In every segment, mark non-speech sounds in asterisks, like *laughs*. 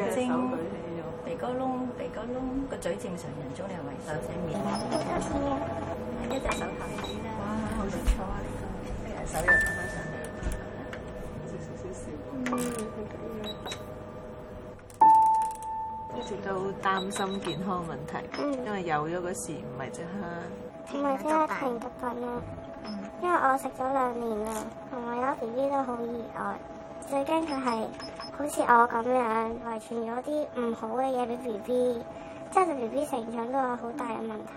眼睛、鼻哥窿、鼻哥窿，個嘴正常人中，你係維手仔面啦，一隻手睇啦。哇，好精彩嚟㗎！飛嚟手入，慢慢上去啦，少少少少。嗯，好得意。一直都擔心健康問題，因為有咗嗰時唔係即刻。唔係即刻停毒品咯，因為我食咗兩年啦，同埋我阿 B B 都好意外，最驚佢係。好似我咁樣，遺傳咗啲唔好嘅嘢俾 B B，即係 B B 成長都有好大嘅問題。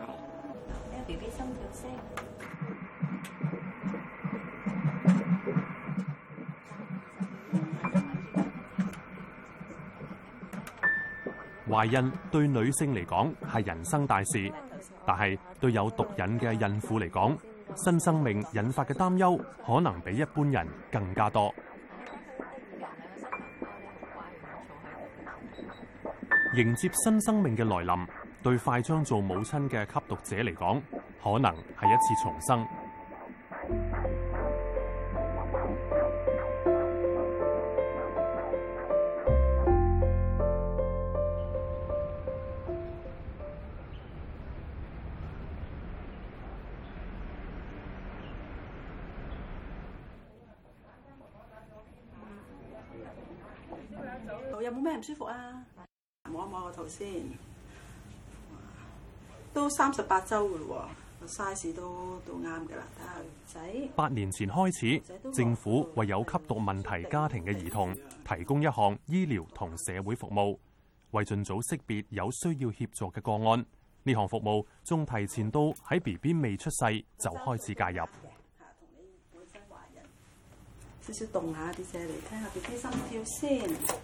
懷孕對女性嚟講係人生大事，但係對有毒癮嘅孕婦嚟講，新生命引發嘅擔憂可能比一般人更加多。迎接新生命嘅來臨，對快將做母親嘅吸毒者嚟講，可能係一次重生。有冇咩唔舒服啊？先、哦，都三十八周嘅咯喎，size 都都啱嘅啦。睇下仔。八年前開始，政府為有吸毒問題家庭嘅兒童提供一項醫療同社會服務，為盡早識別有需要協助嘅個案。呢項服務仲提前到喺 B B 未出世就開始介入。你你你人少少動下啲仔嚟，聽下 B B 心跳先。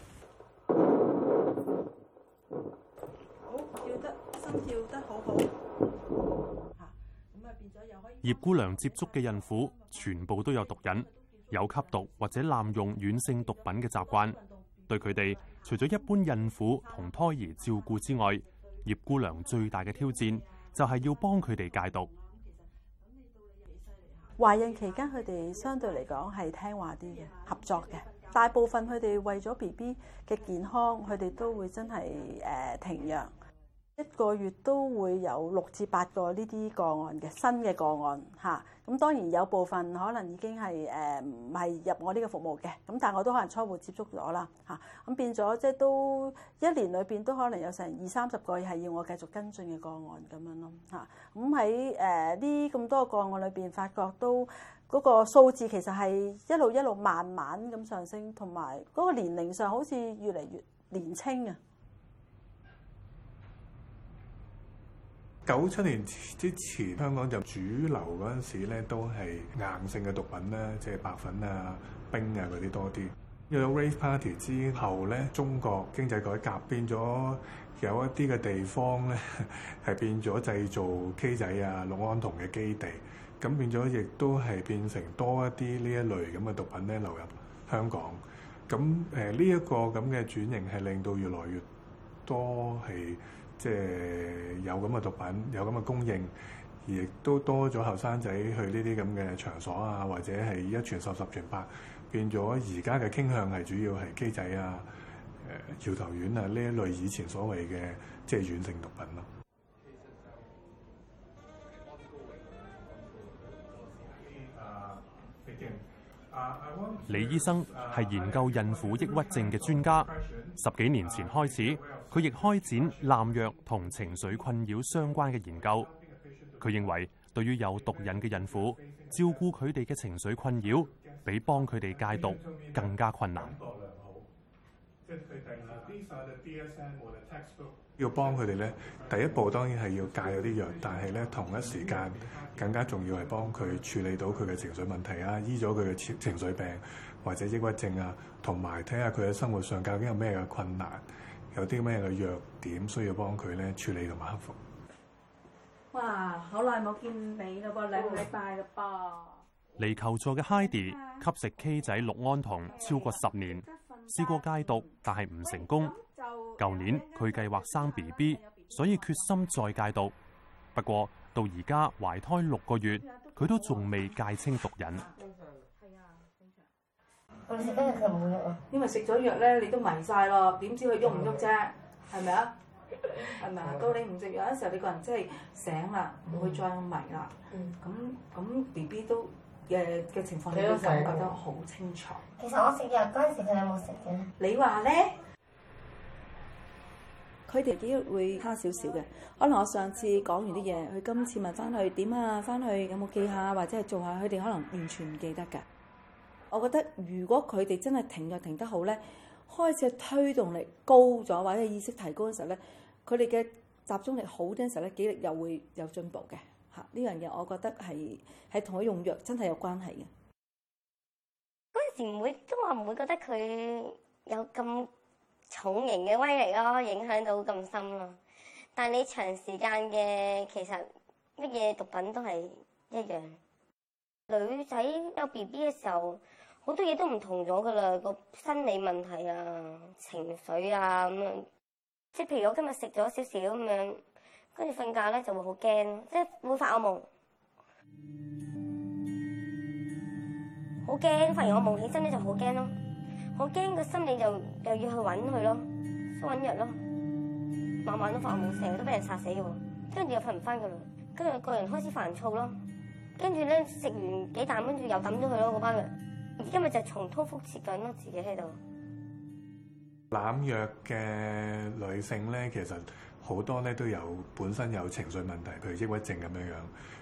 葉姑娘接觸嘅孕婦全部都有毒癮，有吸毒或者濫用軟性毒品嘅習慣。對佢哋，除咗一般孕婦同胎兒照顧之外，葉姑娘最大嘅挑戰就係要幫佢哋戒毒。懷孕期間佢哋相對嚟講係聽話啲嘅，合作嘅。大部分佢哋為咗 B B 嘅健康，佢哋都會真係誒停藥。一個月都會有六至八個呢啲個案嘅新嘅個案，吓、啊、咁當然有部分可能已經係誒唔係入我呢個服務嘅，咁但係我都可能初步接觸咗啦，吓、啊、咁變咗即係都一年裏邊都可能有成二三十個係要我繼續跟進嘅個案咁樣咯，吓咁喺誒呢咁多個個案裏邊發覺都嗰、那個數字其實係一路一路慢慢咁上升，同埋嗰個年齡上好似越嚟越年輕啊。九七年之前，香港就主流嗰陣時咧，都係硬性嘅毒品啦，即係白粉啊、冰啊嗰啲，多啲。有 race party 之後咧，中國經濟改革變咗，有一啲嘅地方咧係變咗製造 K 仔啊、氯胺酮嘅基地，咁變咗亦都係變成多一啲呢一類咁嘅毒品咧流入香港。咁誒呢一個咁嘅轉型係令到越來越多係。是即、有咁嘅毒品，有咁嘅供應，亦都多咗後生仔去呢啲咁嘅場所啊，或者係一傳十，十傳百，變咗而家嘅傾向係主要係機仔啊、誒搖頭丸啊呢一類以前所謂嘅即係軟性毒品咯。李醫生係研究孕婦抑鬱症嘅專家，十幾年前開始。佢亦開展濫藥同情緒困擾相關嘅研究。佢認為，對於有毒癮嘅孕婦，照顧佢哋嘅情緒困擾，比幫佢哋戒毒更加困難。要幫佢哋呢，第一步當然係要戒咗啲藥，但係呢同一時間更加重要係幫佢處理到佢嘅情緒問題啊，醫咗佢嘅情緒病或者抑鬱症啊，同埋睇下佢喺生活上究竟有咩嘅困難。有啲咩嘅弱點需要幫佢咧處理同埋克服？哇！好耐冇見你咯噃，兩個禮拜咯噃。嚟 *laughs* 求助嘅 Hady 吸食 K 仔氯胺酮超過十年，試過戒毒但係唔成功。舊年佢計劃生 BB，所以決心再戒毒。不過到而家懷胎六個月，佢都仲未戒清毒癮。因為食咗藥咧，你都迷晒咯，點知佢喐唔喐啫？係咪啊？係咪啊？ *laughs* 到你唔食藥嘅時候，你個人真係醒啦，唔、嗯、會再迷啦。嗯，嗯。咁咁，B B 都嘅嘅情況，你都感覺得好清楚。其實我食藥嗰陣、那個、時，佢有冇食嘅你話咧？佢哋幾會差少少嘅，可能我上次講完啲嘢，佢今次問翻佢點啊，翻去有冇記下或者係做一下，佢哋可能完全唔記得㗎。我覺得，如果佢哋真係停藥停得好咧，開始推動力高咗，或者意識提高嘅時候咧，佢哋嘅集中力好啲嘅時候咧，記憶又會有進步嘅嚇。呢樣嘢我覺得係係同佢用藥真係有關係嘅。嗰陣時唔會都話唔會覺得佢有咁重型嘅威力咯，影響到咁深咯。但係你長時間嘅其實乜嘢毒品都係一樣。女仔有 BB 嘅時候。好多嘢都唔同咗噶啦，個心理問題啊、情緒啊咁樣，即係譬如我今日食咗少少咁樣，跟住瞓覺咧就會好驚，即係會發噩夢，好驚。發現我夢起身咧就好驚咯，好驚個心理就又要去揾佢咯，揾藥咯。晚晚都發噩夢，成日都俾人殺死嘅喎，跟住又瞓唔翻噶啦，跟住個人開始煩躁咯，跟住咧食完幾啖，跟住又抌咗佢咯嗰包今日就是重蹈覆轍緊咯，自己喺度。濫藥嘅女性咧，其實好多咧都有本身有情緒問題，譬如抑鬱症咁樣樣。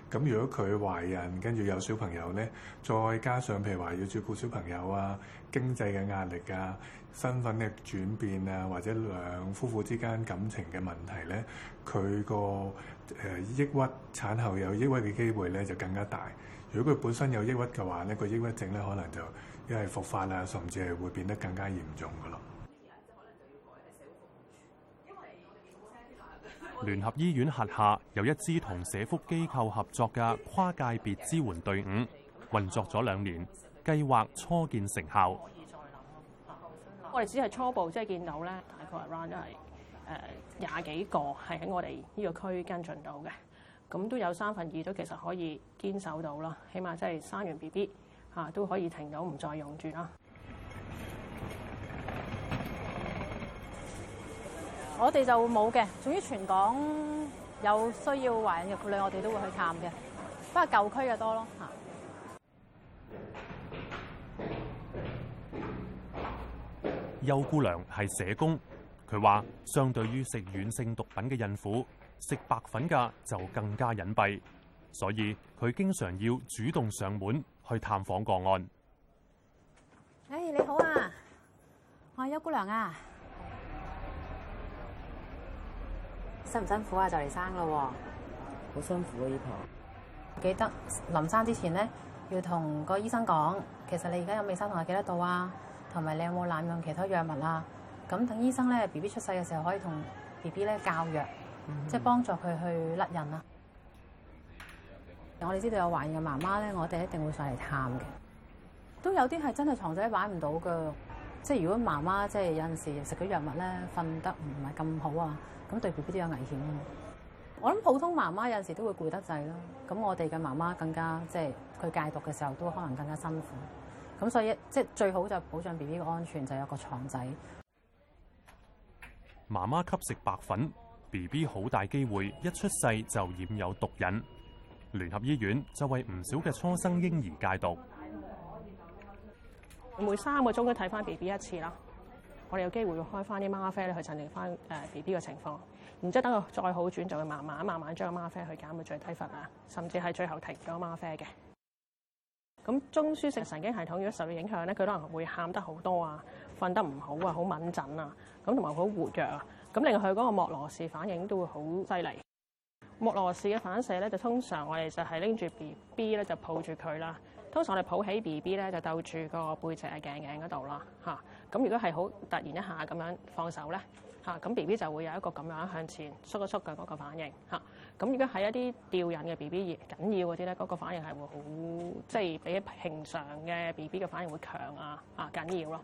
咁如果佢懷孕，跟住有小朋友呢，再加上譬如話要照顧小朋友啊、經濟嘅壓力啊、身份嘅轉變啊，或者兩夫婦之間感情嘅問題呢，佢個誒抑鬱產後有抑鬱嘅機會呢就更加大。如果佢本身有抑鬱嘅話呢，個抑鬱症呢可能就因係復發啊，甚至係會變得更加嚴重㗎咯。聯合醫院轄下有一支同社福機構合作嘅跨界別支援隊伍，運作咗兩年，計劃初見成效。我哋只係初步即係見到咧，大概 run 咗係誒廿幾個，係喺我哋呢個區跟進到嘅，咁都有三分二都其實可以堅守到啦，起碼即係生完 B B 吓都可以停到唔再用住啦。我哋就冇嘅，總之全港有需要懷孕嘅婦女，我哋都會去探嘅。不過舊區嘅多咯嚇。邱姑娘係社工，佢話相對於食軟性毒品嘅孕婦，食白粉嘅就更加隱蔽，所以佢經常要主動上門去探訪個案。誒、欸、你好啊，我係邱姑娘啊。辛唔辛，辛苦啊？就嚟生咯，好辛苦啊！呢婆。記得臨生之前咧，要同個醫生講，其實你而家有未生痛啊？幾多度啊？同埋你有冇濫用其他藥物啊？咁等醫生咧，B B 出世嘅時候可以同 B B 咧教藥，即、嗯、係、就是、幫助佢去甩癮啊！我哋知道有懷孕嘅媽媽咧，我哋一定會上嚟探嘅，都有啲係真係床仔揾唔到噶。即係如果媽媽即係有陣時食咗藥物咧，瞓得唔係咁好啊，咁對 B B 都有危險啊。我諗普通媽媽有陣時都會攰得滯啦，咁我哋嘅媽媽更加即係佢戒毒嘅時候都可能更加辛苦。咁所以即係最好就保障 B B 嘅安全，就有一個牀仔。媽媽吸食白粉，B B 好大機會一出世就染有毒癮。聯合醫院就為唔少嘅初生嬰兒戒毒。每三個鐘都睇翻 B B 一次啦，我哋有機會要開翻啲嗎啡咧去鎮定翻誒 B B 嘅情況，然之後等佢再好轉，就會慢慢慢慢將嗎啡去減到最低份啊，甚至係最後停咗嗎啡嘅。咁中樞性神經系統如果受到影響咧，佢可能會喊得好多啊，瞓得唔好啊，好敏陣啊，咁同埋好活躍啊，咁令佢嗰個莫羅氏反應都會好犀利。莫羅氏嘅反射咧，就通常我哋就係拎住 B B 咧，就抱住佢啦。通常我哋抱起 B B 咧，就兜住個背脊嘅頸頸嗰度啦，嚇、啊。咁如果係好突然一下咁樣放手咧，嚇、啊，咁 B B 就會有一個咁樣向前縮一縮嘅嗰個反應，嚇、啊。咁如果喺一啲吊癮嘅 B B 緊要嗰啲咧，嗰、那個反應係會好，即、就、係、是、比平常嘅 B B 嘅反應會強啊，啊緊要咯。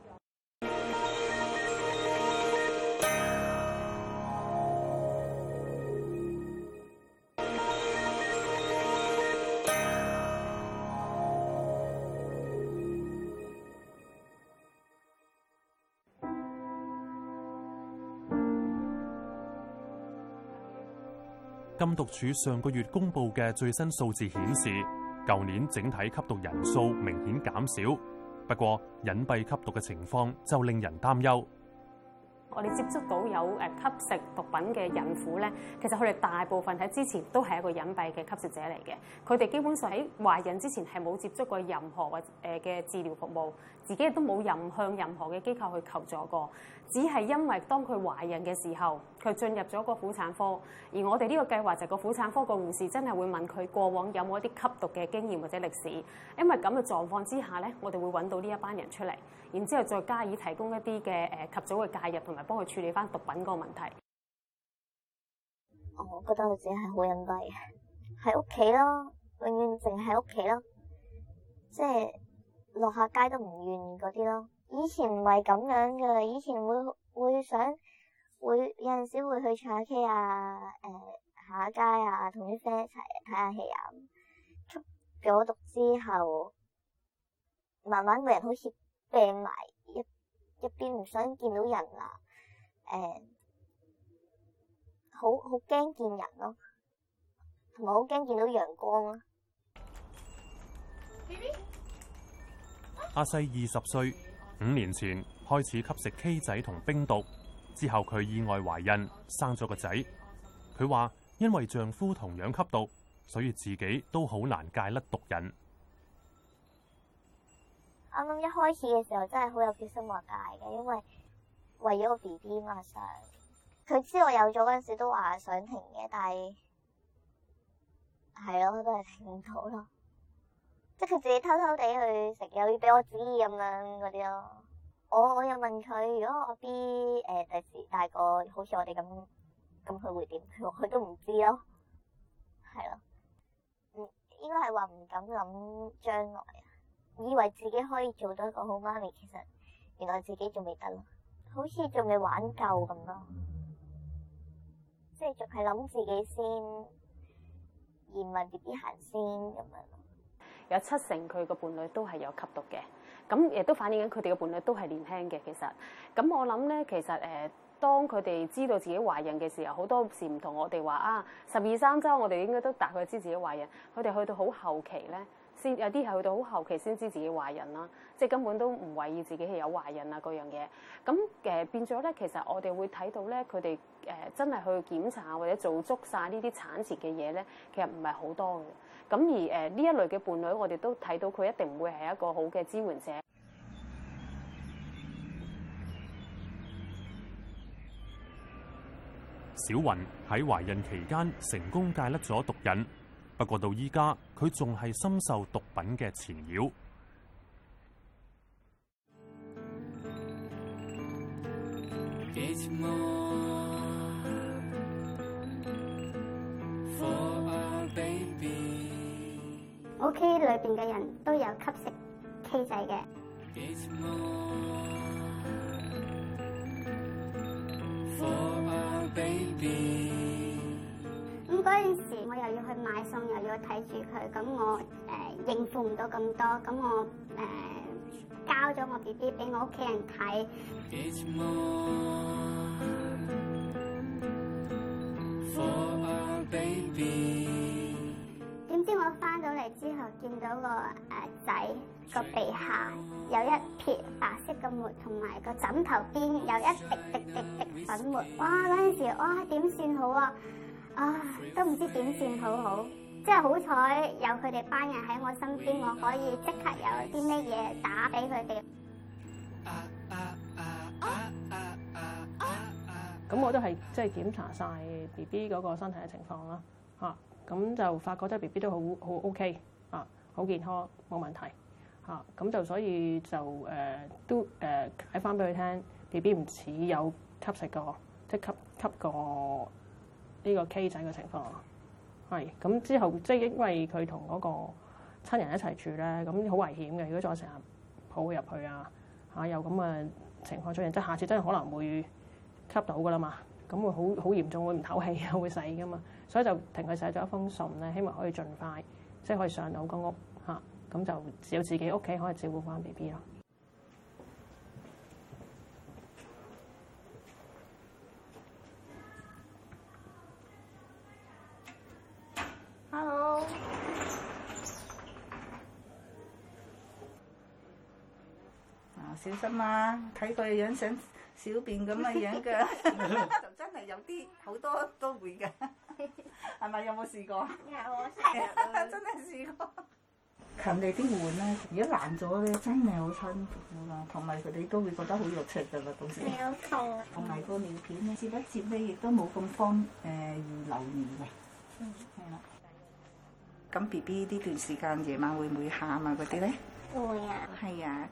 禁毒處上個月公布嘅最新數字顯示，舊年整體吸毒人數明顯減少，不過隱蔽吸毒嘅情況就令人擔憂。我哋接觸到有誒吸食毒品嘅孕婦咧，其實佢哋大部分喺之前都係一個隱蔽嘅吸食者嚟嘅，佢哋基本上喺懷孕之前係冇接觸過任何誒嘅治療服務，自己亦都冇任向任何嘅機構去求助過，只係因為當佢懷孕嘅時候，佢進入咗個婦產科，而我哋呢個計劃就係個婦產科個護士真係會問佢過往有冇一啲吸毒嘅經驗或者歷史，因為咁嘅狀況之下咧，我哋會揾到呢一班人出嚟。然之後再加以提供一啲嘅誒及早嘅介入，同埋幫佢處理翻毒品嗰個問題。我覺得我自己係好隱蔽，喺屋企咯，永遠淨喺屋企咯，即係落下街都唔願意嗰啲咯。以前唔係咁樣嘅，以前會會想會有陣時會去唱下 K 啊，誒、呃、行下街啊，同啲 friend 一齊睇下戲啊。出咗毒之後，慢慢個人好怯。病埋一一邊唔想見到人啦、啊，誒、欸，好好驚見人咯、啊，同埋好驚見到陽光啊！寶寶啊，阿西二十歲，五年前開始吸食 K 仔同冰毒，之後佢意外懷孕，生咗個仔。佢話因為丈夫同樣吸毒，所以自己都好難戒甩毒癮。啱、嗯、啱一開始嘅時候真係好有決心話戒嘅，因為為咗個 B B 嘛，想佢知我有咗嗰陣時候都話想停嘅，但係係咯都係停唔到咯，即係佢自己偷偷地去食，又要俾我知咁樣嗰啲咯。我我又問佢，如果我 B 誒、呃、第時大個，好似我哋咁，咁佢會點？佢話佢都唔知咯，係咯，嗯，應該係話唔敢諗將來。以為自己可以做到一個好媽咪，其實原來自己仲未得咯，好似仲未玩夠咁咯，即係仲係諗自己先，而唔係 B B 行先咁樣。有七成佢個伴侶都係有吸毒嘅，咁亦都反映緊佢哋嘅伴侶都係年輕嘅。其實，咁我諗咧，其實誒，當佢哋知道自己懷孕嘅時候，好多時唔同我哋話啊，十二三周我哋應該都大概知自己懷孕，佢哋去到好後期咧。先有啲係去到好後期先知自己懷孕啦，即係根本都唔懷疑自己係有懷孕啊嗰樣嘢。咁誒、呃、變咗咧，其實我哋會睇到咧，佢哋誒真係去檢查或者做足晒呢啲產前嘅嘢咧，其實唔係好多嘅。咁而誒呢、呃、一類嘅伴侶，我哋都睇到佢一定唔會係一個好嘅支援者。小雲喺懷孕期間成功戒甩咗毒癮。不過到依家，佢仲係深受毒品嘅纏繞。屋企裏邊嘅人都有吸食 K 仔嘅。嗰陣時，我又要去買餸，又要睇住佢，咁我誒、呃、應付唔到咁多，咁我誒、呃、交咗我 B B 俾我屋企人睇。點知我翻到嚟之後，見到個誒、呃、仔個鼻下有一撇白色嘅沫，同埋個枕頭邊有一滴滴滴滴粉末。哇！嗰陣時，哇，點算好啊！啊，都唔知點算好好，即係好彩有佢哋班人喺我身邊，我可以即刻有啲咩嘢打俾佢哋。咁、啊啊啊啊啊啊、我都係即係檢查晒 B B 嗰個身體嘅情況啦，吓、啊、咁就發覺即係 B B 都好好 O K，啊好健康冇問題，吓、啊、咁就所以就誒、呃、都誒解翻俾佢聽，B B 唔似有吸食過，即、就、係、是、吸吸過，呢 K 仔嘅情況，係咁之後，即係因為佢同嗰個親人一齊住咧，咁好危險嘅。如果再成日抱佢入去啊，嚇有咁嘅情況出現，即係下次真係可能會吸到噶啦嘛，咁會好好嚴重，會唔透氣啊，會死噶嘛。所以就停佢寫咗一封信咧，希望可以盡快即係可以上到公屋嚇，咁就只有自己屋企可以照顧翻 B B 咯。小心啊！睇佢嘅樣，想小便咁嘅樣嘅，就真係有啲好多都會噶，係咪有冇試過？有啊，真係試過。近地啲換咧，如果爛咗咧，真係好辛苦噶。同埋佢哋都會覺得好肉赤噶啦。到時同埋個尿片咧，接一接咧，亦都冇咁方誒易流尿嘅。嗯，係啦。咁 BB 呢段時間夜晚會唔會喊啊？嗰啲咧會啊，係啊。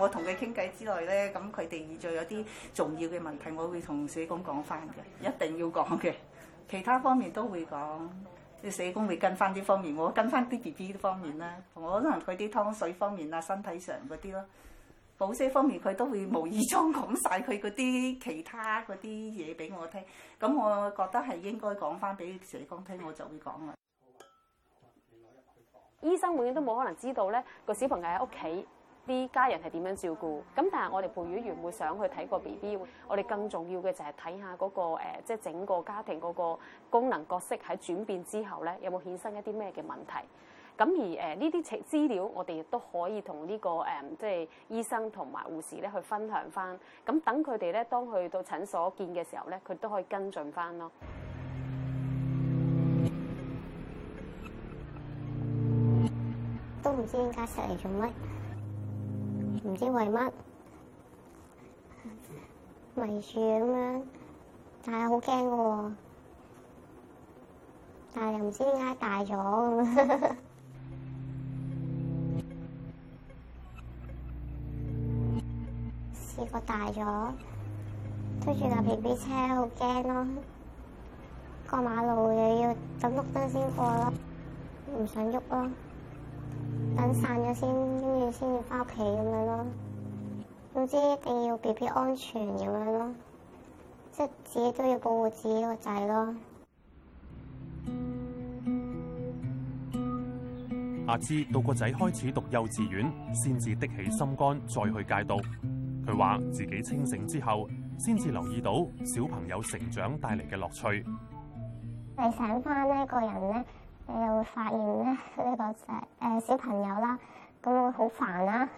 我同佢傾偈之內咧，咁佢哋再有啲重要嘅問題，我會同社工講翻嘅，一定要講嘅。其他方面都會講，即社工會跟翻啲方面，我跟翻啲 B B 方面啦。我可能佢啲湯水方面啊，身體上嗰啲咯，某些方面佢都會無意中講晒佢嗰啲其他嗰啲嘢俾我聽。咁我覺得係應該講翻俾社工聽，我就會講啦。醫生永遠都冇可能知道咧個小朋友喺屋企，啲家人係點樣照顧？咁但係我哋陪護員會想去睇個 BB，我哋更重要嘅就係睇下嗰、那個即係、呃、整個家庭嗰個功能角色喺轉變之後咧，有冇衍生一啲咩嘅問題？咁而誒呢啲資料，我哋亦都可以同呢、這個誒，即、呃、係、就是、醫生同埋護士咧去分享翻。咁等佢哋咧，當去到診所見嘅時候咧，佢都可以跟進翻咯、嗯。都唔知應該食嚟做乜。唔知為乜咪住咁樣，但係好驚嘅，但係又唔知點解大咗咁樣，試 *music* 過大咗，推住架 BB 車好驚咯，過馬路又要等綠燈先過咯，唔想喐咯。等散咗先，跟住先要翻屋企咁樣咯。總之一定要 B B 安全咁樣咯，即係自己都要保護自己個仔咯。阿芝到個仔開始讀幼稚園，先至的起心肝再去戒毒。佢話自己清醒之後，先至留意到小朋友成長帶嚟嘅樂趣。你醒翻呢個人咧？你又會發現咧，呢個誒誒小朋友啦，咁會好煩啦。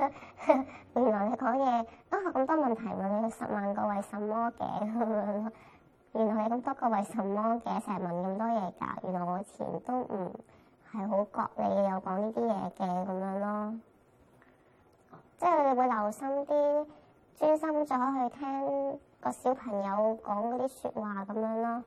原來你講嘢都咁多問題問，你有十萬個為什麼嘅咁樣咯。原來你咁多個為什麼嘅，成日問咁多嘢㗎。原來我前都唔係好覺你有講呢啲嘢嘅咁樣咯。即係你會留心啲，專心咗去聽個小朋友講嗰啲説話咁樣咯。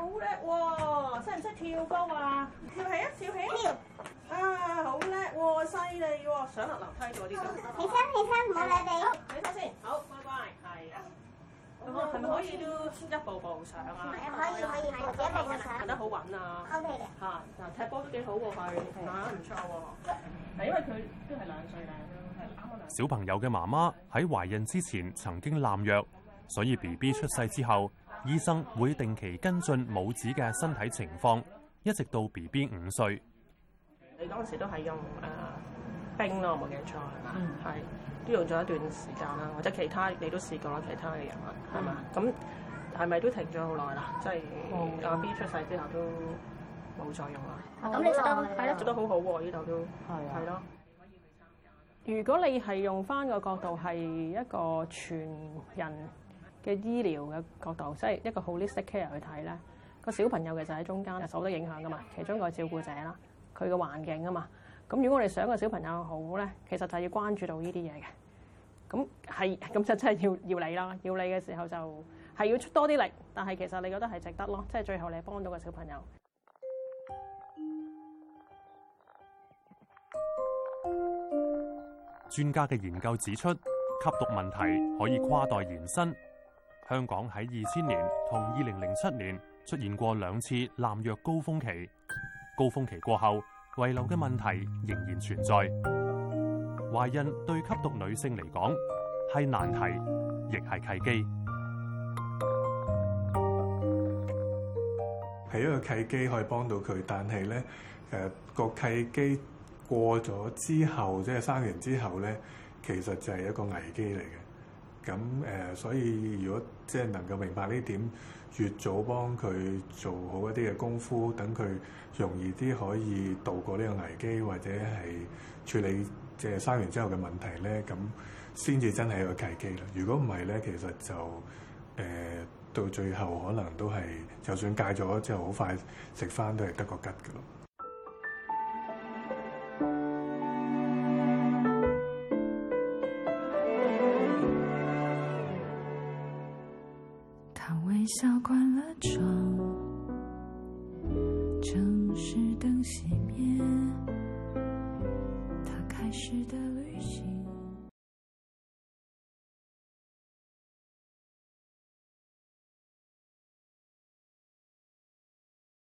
好叻喎，識唔識跳高啊？跳起啊，跳起啊！啊，好叻喎，犀利喎，上落樓梯嗰啲。起身，起身，唔好理佢。起身先。好，乖乖，係啊。咁我係咪可以都一步步上啊？可以，可以，係一步一步上，得好穩啊。OK。吓，嗱，踢波都幾好喎，打唔錯喎。嗱、啊，因為佢都係兩歲咧，係啱啊兩歲。小朋友嘅媽媽喺懷孕之前曾經濫藥，所以 B B 出世之後。嗯嗯嗯醫生會定期跟進母子嘅身體情況，一直到 B B 五歲。你當時都係用誒、呃、冰咯，冇記錯係嘛？係、嗯、都用咗一段時間啦，或者其他你都試過其他嘅藥物係嘛？咁係咪都停咗好耐啦？即係阿 B 出世之後都冇再用啦。咁你覺得係咯？做得好好、啊、喎，呢度都係咯、啊。如果你係用翻個角度係一個全人。嘅醫療嘅角度，即係一個好 holistic care 去睇咧，個小朋友其實喺中間受到影響噶嘛。其中一個照顧者啦，佢個環境啊嘛。咁如果我哋想個小朋友好咧，其實就係要關注到呢啲嘢嘅。咁係，咁就真係要要你啦。要你嘅時候就係要出多啲力，但係其實你覺得係值得咯，即係最後你係幫到個小朋友。專家嘅研究指出，吸毒問題可以跨代延伸。香港喺二千年同二零零七年出現過兩次濫藥高峰期，高峰期過後遺留嘅問題仍然存在。懷孕對吸毒女性嚟講係難題，亦係契機。係一個契機可以幫到佢，但係咧，誒個契機過咗之後，即係生完之後咧，其實就係一個危機嚟嘅。咁誒、呃，所以如果即係能夠明白呢點，越早幫佢做好一啲嘅功夫，等佢容易啲可以度過呢個危機，或者係處理即係生完之後嘅問題咧，咁先至真係一個契機啦。如果唔係咧，其實就誒、呃、到最後可能都係，就算戒咗之後好快食翻都係得個吉㗎咯。